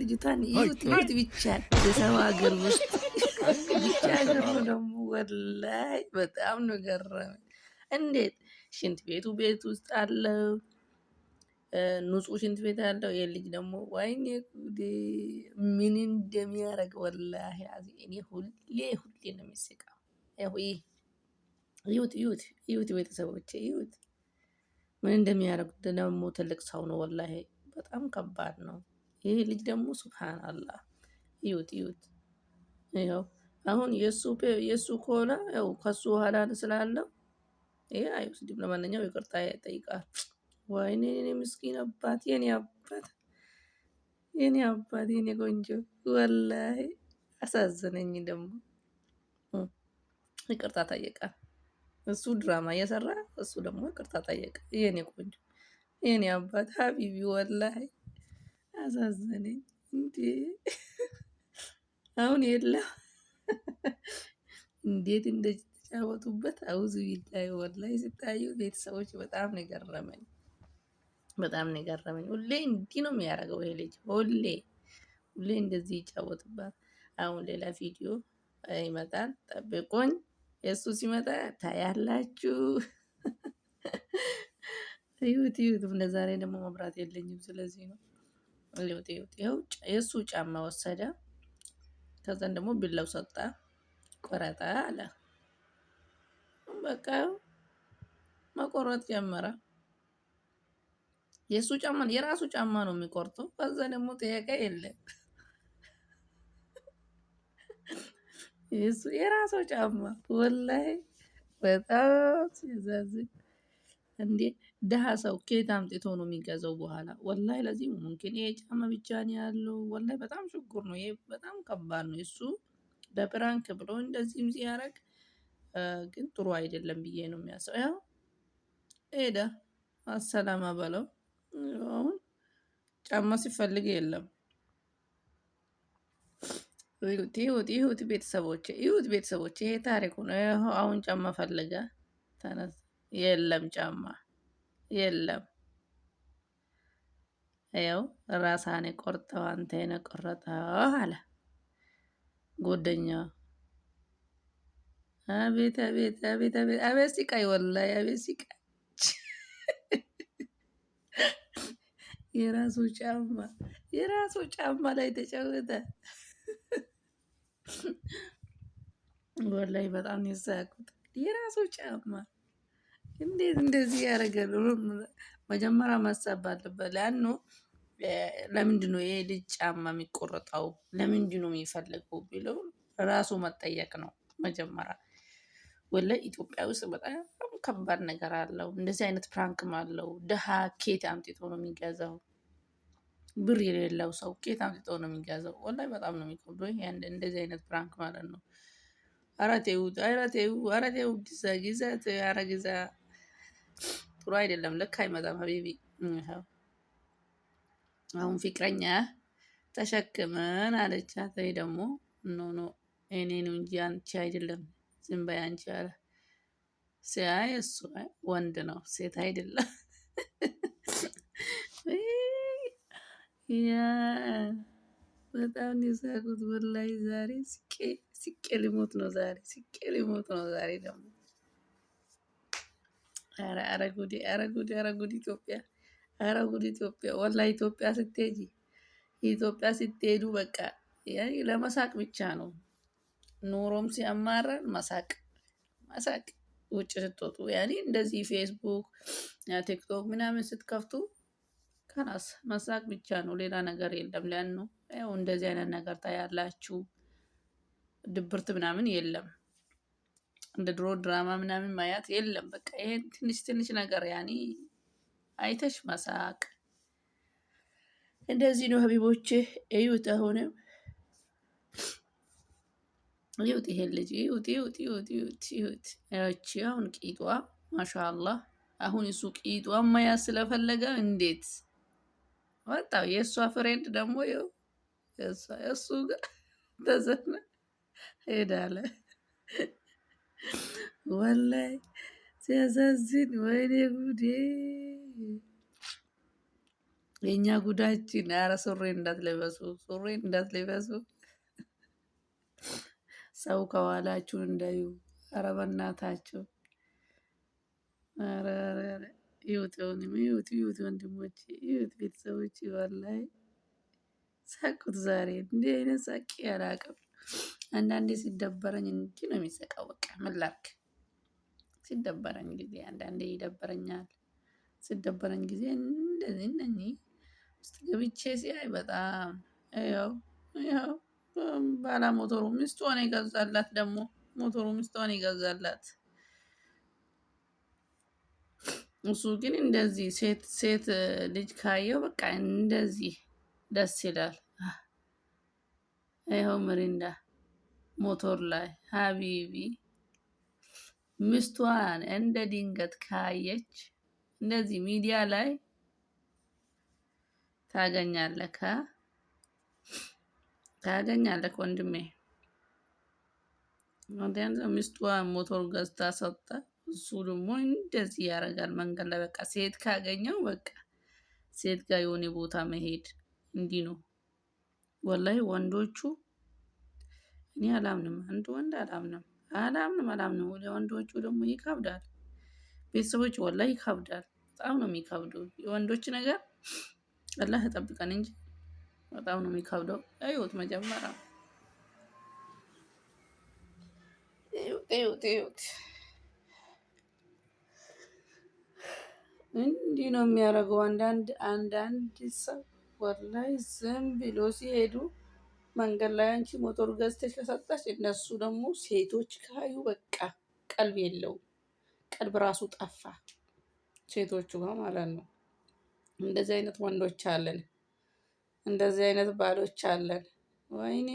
ልጅቷን ብቻ ሀገር ውስጥ ደግሞ ወላይ በጣም ነው ገረመኝ። እንዴት ሽንት ቤቱ ቤት ውስጥ አለው ንጹህ ሽንት ቤት አለው። የልጅ ደግሞ ወይኔ ምን እንደሚያደርግ ወላሂ እኔ ሁሌ ሁሌ ነው የሚስቃው። ቤተሰቦች ምን ደግሞ ትልቅ ሰው ነው ወላሂ በጣም ከባድ ነው። ይህ ልጅ ደግሞ ሱብሃን ሱብሃናላህ እዩት እዩት። ይኸው አሁን የእሱ ከሆነ ያው ከሱ ኋላ ስላለው ይሄ አይወስድም። ለማንኛውም ይቅርታ ይጠይቃል። ወይኔ የኔ ምስኪን አባት የኔ አባት የኔ አባት የኔ ቆንጆ ወላሂ አሳዘነኝ። ደግሞ ይቅርታ ጠየቃል። እሱ ድራማ እየሰራ እሱ ደግሞ ይቅርታ ጠየቀ የኔ ቆንጆ የኔ አባት ሀቢቢ ወላሂ አሳዘነኝ። እንዴ አሁን የለም እንዴት እንደተጫወቱበት አውዙ ቢላይ ወላሂ ስታዩ ቤተሰቦች በጣም ነው የገረመኝ። በጣም ነው የገረመኝ። ሁሌ እንዲህ ነው የሚያደርገው ይሄ ልጅ ሁሌ ሁሌ እንደዚህ ይጫወትባት። አሁን ሌላ ቪዲዮ ይመጣል፣ ጠብቆኝ። የእሱ ሲመጣ ታያላችሁ። ይሁት ይሁት ዛሬ ደግሞ መብራት የለኝም። ስለዚህ ነው ይሁት ይሁት። ይኸው የእሱ ጫማ ወሰደ። ከዛን ደግሞ ቢላው ሰጣ ቆረጠ አለ። በቃ መቆረጥ ጀመረ። የእሱ ጫማ የራሱ ጫማ ነው የሚቆርጠው። ከዛ ደግሞ ጥያቄ የለም። የእሱ የራሱ ጫማ ወላይ በጣም ሲያሳዝን እንዴ! ደሃ ሰው ኬት አምጥቶ ነው የሚገዛው? በኋላ ወላይ ለዚህ ሙምኪን ይሄ ጫማ ብቻ ነው ያለው። ወላይ በጣም ሽጉር ነው ይሄ፣ በጣም ከባድ ነው። እሱ በፕራንክ ብሎ እንደዚህም ሲያረግ ግን ጥሩ አይደለም ብዬ ነው የሚያሰው። ያው ሄደ አሰላማ በለው። አሁን ጫማ ሲፈልግ የለም። ይሁት ቤተሰቦች፣ ይሁት ቤተሰቦች፣ ይሄ ታሪኩ ነው። አሁን ጫማ ፈለገ ተነስ፣ የለም ጫማ የለም። ያው ራሳኔ ቆርጠው አንተ የነቆረጠው አለ ጎደኛ። አቤት አቤት አቤት አቤት አቤት ሲቃይ ወላሂ አቤት ሲቃይ የራሱ ጫማ የራሱ ጫማ ላይ ተጫወተ። ወላሂ በጣም የሳቁት የራሱ ጫማ እንዴት እንደዚህ ያደረገሉ? መጀመሪያ ማሰብ አለበት። ለአኑ ለምንድን ነው ይሄ ልጅ ጫማ የሚቆረጠው? ለምንድን ነው የሚፈልገው ቢለው ራሱ መጠየቅ ነው መጀመሪያ። ወለ ኢትዮጵያ ውስጥ በጣም ከባድ ነገር አለው። እንደዚህ አይነት ፕራንክም አለው። ድሃ ኬት አምጥቶ ነው የሚገዛው? ብር የሌለው ሰው ኬት አምጥቶ ነው የሚገዛው? ወላሂ በጣም ነው የሚከብዶ እንደዚህ አይነት ፕራንክ ማለት ነው። አረቴው አረቴው አረቴው ጊዛ ጊዛ አረ ጊዛ ጥሩ አይደለም፣ ልክ አይመጣም። ሀቢቢ አሁን ፍቅረኛ ተሸክመን አለቻት። ወይ ደግሞ ኖ ኖ እኔ ነው እንጂ አንቺ አይደለም፣ ዝም በይ አንቺ አለ። ሲያይ እሱ ወንድ ነው ሴት አይደለም። በጣም የሳቁት ወላሂ ዛሬ ስቄ ስቄ ሊሞት ነው ዛሬ ስቄ ሊሞት ነው ዛሬ ደግሞ ኧረ ጉዴ! ኧረ ጉዴ! ኧረ ጉድ ኢትዮጵያ! ኧረ ጉድ ኢትዮጵያ! ወላ ኢትዮጵያ ስትሄጂ ኢትዮጵያ ስትሄዱ በቃ ለመሳቅ ብቻ ነው። ኑሮም ሲያማረን መሳቅ መሳቅ። ውጭ ስትወጡ ያኔ እንደዚህ ፌስቡክ፣ ቲክቶክ ምናምን ስትከፍቱ ከራስ መሳቅ ብቻ ነው፣ ሌላ ነገር የለም። ሊያን ነው ያው እንደዚህ አይነት ነገር ታያላችሁ። ድብርት ምናምን የለም። እንደ ድሮ ድራማ ምናምን ማያት የለም። በቃ ይሄ ትንሽ ትንሽ ነገር ያኔ አይተሽ መሳቅ እንደዚህ ነው ሀቢቦቼ። እዩት፣ አሁንም እዩት፣ ይሄን ልጅ እዩት፣ እዩት፣ እዩት፣ እዩት፣ እዩት። ያቺ አሁን ቂጧ ማሻአላ። አሁን እሱ ቂጧ ማያት ስለፈለገ እንዴት ወጣው። የእሷ ፍሬንድ ደግሞ ይኸው እሱ ጋር ተዘነ ሄዳለ። ወላይ ሲያሳዝን፣ ወይኔ ጉዴ! የእኛ ጉዳችን። ኧረ ሱሪ እንዳትለበሱ፣ ሱሪ እንዳትለበሱ፣ ሰው ከኋላችሁ እንዳዩ። ኧረ በእናታችሁ ይውጥውንም ይውጥ ይውጥ፣ ወንድሞች ይውጥ፣ ቤተሰቦች ወላይ ሳቁት ዛሬ እንዲህ አይነት ሳቂ አላውቅም። አንዳንዴ ሲደበረኝ እንዲህ ነው የሚዘጋው። በቃ ምን ላድርግ? ሲደበረኝ ጊዜ አንዳንዴ ይደበረኛል። ሲደበረኝ ጊዜ እንደዚህ እነኚህ ውስጥ ገብቼ ሲያይ በጣም ያው ያው ባላ ሞተሩ ሚስት ሆነ ይገዛላት ደግሞ ሞተሩ ሚስት ሆነ ይገዛላት። እሱ ግን እንደዚህ ሴት ሴት ልጅ ካየው በቃ እንደዚህ ደስ ይላል። ይኸው ምሪንዳ ሞቶር ላይ ሀቢቢ ምስቷን እንደ ድንገት ካየች እንደዚህ ሚዲያ ላይ ታገኛለከ ታገኛለህ ወንድሜ ሚስቷን ሞቶር ገዝታ ሰጠ። እሱ ደግሞ እንደዚህ ያደርጋል መንገድ ላይ በቃ ሴት ካገኘው በቃ ሴት ጋር የሆነ ቦታ መሄድ እንዲህ ነው ወላይ ወንዶቹ እኔ አላምንም። አንድ ወንድ አላምንም አላምንም አላምንም። ወንዶቹ ደግሞ ይከብዳል። ቤተሰቦች ወላ ይከብዳል። በጣም ነው የሚከብዱ የወንዶች ነገር። አላህ ተጠብቀን እንጂ በጣም ነው የሚከብደው። እዩት መጀመሪያ እዩት እዩት። እንዲህ ነው የሚያደርገው አንዳንድ አንዳንድ ሰው ወላይ ዝም ብሎ ሲሄዱ መንገድ ላይ አንቺ ሞተሩ ገዝተሽ ከሰጣች እነሱ ደግሞ ሴቶች ካዩ በቃ ቀልብ የለውም። ቀልብ ራሱ ጠፋ ሴቶቹ ጋር ማለት ነው። እንደዚህ አይነት ወንዶች አለን፣ እንደዚህ አይነት ባሎች አለን። ወይኔ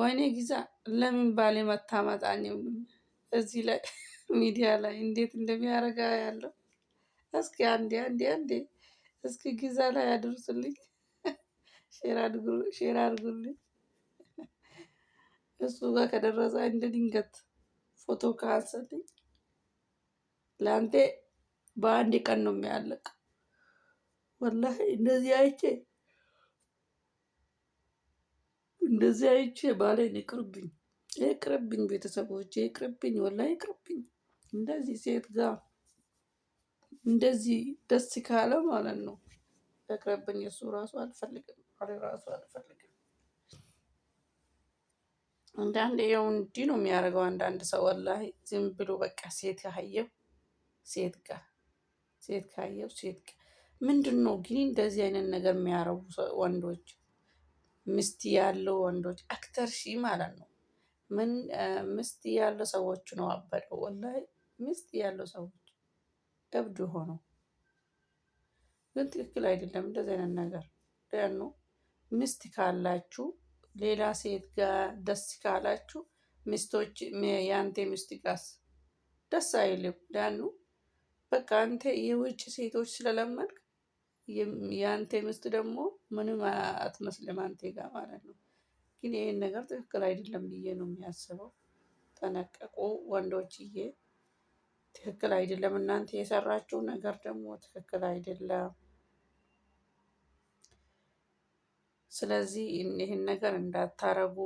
ወይኔ ጊዛ ለምን ባሌ መታመጣኝ እዚህ ላይ ሚዲያ ላይ እንዴት እንደሚያደርጋ ያለው እስኪ አንዴ አንዴ አንዴ እስኪ ጊዛ ላይ ያደርስልኝ። ሼር አድርጉልኝ። እሱ ጋር ከደረሰ እንደ ድንገት ፎቶ ካንሰልኝ ለአንቴ በአንድ ቀን ነው የሚያለቅ። ወላሂ እንደዚህ አይቼ እንደዚህ አይቼ ባሌን ይቅርብኝ፣ ይቅርብኝ፣ ቤተሰቦች ይቅርብኝ፣ ወላሂ ይቅርብኝ። እንደዚህ ሴት ጋር እንደዚህ ደስ ካለ ማለት ነው። ያቅርብኝ። እሱ ራሱ አልፈልግም። ራሱ አልፈልግም። አንዳንድ ያው እንዲህ ነው የሚያደርገው። አንዳንድ ሰው ወላሂ ዝም ብሎ በቃ ሴት ካየው ሴት ጋር ሴት ካየው ሴት ጋር ምንድን ነው ግን እንደዚህ አይነት ነገር የሚያረጉ ወንዶች፣ ምስት ያለው ወንዶች አክተር ሺ ማለት ነው። ምን ምስት ያለው ሰዎች ነው አበደው ወላሂ ምስት ያለው ሰዎች እብድ ሆነው ግን ትክክል አይደለም እንደዚህ አይነት ነገር ያኑ ሚስት ካላችሁ ሌላ ሴት ጋር ደስ ካላችሁ ሚስቶች የአንተ ሚስት ጋስ ደስ አይልም። ዳኑ በቃ አንተ የውጭ ሴቶች ስለለመድክ የአንተ ሚስት ደግሞ ምንም አትመስልም አንተ ጋር ማለት ነው። ግን ይህን ነገር ትክክል አይደለም ብዬ ነው የሚያስበው። ጠነቀቁ ወንዶችዬ፣ ትክክል አይደለም። እናንተ የሰራችው ነገር ደግሞ ትክክል አይደለም። ስለዚህ ይህን ነገር እንዳታረጉ፣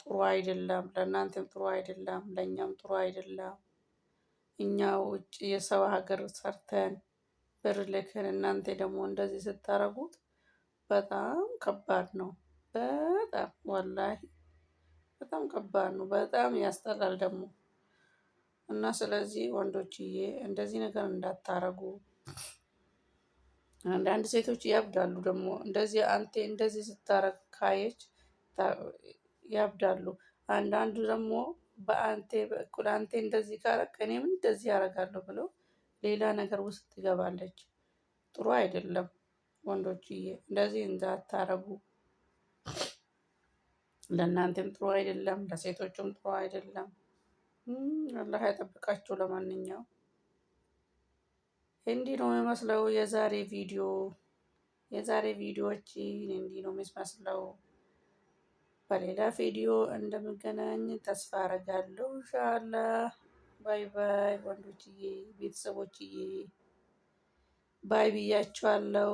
ጥሩ አይደለም። ለእናንተም ጥሩ አይደለም፣ ለእኛም ጥሩ አይደለም። እኛ ውጭ የሰው ሀገር ሰርተን ብር ልክን እናንተ ደግሞ እንደዚህ ስታረጉት በጣም ከባድ ነው። በጣም ወላሂ በጣም ከባድ ነው። በጣም ያስጠላል ደግሞ እና ስለዚህ ወንዶችዬ እንደዚህ ነገር እንዳታረጉ አንዳንድ ሴቶች ያብዳሉ። ደግሞ እንደዚህ አንቴ እንደዚህ ስታረግ ካየች ያብዳሉ። አንዳንዱ ደግሞ በአንቴ በኩል አንቴ እንደዚህ ካረግ እኔም እንደዚህ ያደርጋለሁ ብለው ሌላ ነገር ውስጥ ትገባለች። ጥሩ አይደለም። ወንዶችዬ እንደዚህ እንዳታረጉ። ለእናንተም ጥሩ አይደለም፣ ለሴቶችም ጥሩ አይደለም። አላህ ያጠብቃችሁ። ለማንኛውም እንዲህ ነው የሚመስለው የዛሬ ቪዲዮ። የዛሬ ቪዲዮዎች እንዲህ ነው የሚመስለው። በሌላ ቪዲዮ እንደምገናኝ ተስፋ አረጋለሁ። ሻላ ባይ ባይ ወንዶችዬ፣ ቤተሰቦችዬ ባይ ብያችኋለሁ።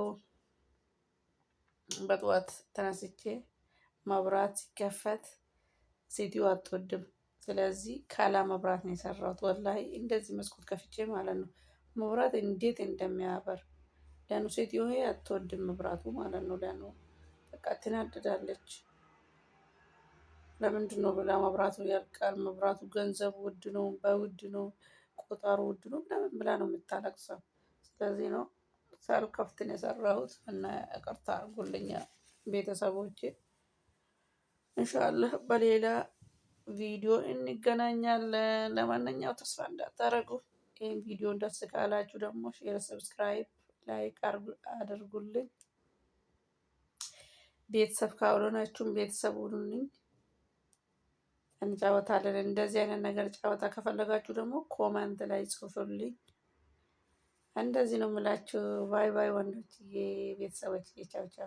በጠዋት ተነስቼ መብራት ሲከፈት ሴትዮ አትወድም። ስለዚህ ካላ መብራት ነው የሰራሁት። ወላሂ እንደዚህ መስኮት ከፍቼ ማለት ነው መብራት እንዴት እንደሚያበር ዳኑ ሴትዮ ይሄ አትወድም መብራቱ ማለት ነው። ዳኑ በቃ ትናድዳለች። ለምንድን ነው ብላ መብራቱ ያልቃል። መብራቱ ገንዘብ ውድ ነው፣ በውድ ነው፣ ቆጣሩ ውድ ነው ለምን ብላ ነው የምታለቅሰው። ስለዚህ ነው ሳልከፍትን የሰራሁት እና ይቅርታ አድርጉልኛ ቤተሰቦቼ። እንሻአላህ በሌላ ቪዲዮ እንገናኛለን። ለማንኛው ተስፋ እንዳታረጉ። ይህም ቪዲዮ ደስ ካላችሁ ደግሞ ሼር፣ ሰብስክራይብ፣ ላይክ አድርጉልኝ። ቤተሰብ ካልሆናችሁም ቤተሰብ ሁኑልኝ፣ እንጫወታለን። እንደዚህ አይነት ነገር ጫወታ ከፈለጋችሁ ደግሞ ኮመንት ላይ ጽፉልኝ። እንደዚህ ነው የምላችሁ። ባይ ባይ ወንዶችዬ፣ ቤተሰቦችዬ፣ ቻው ቻው።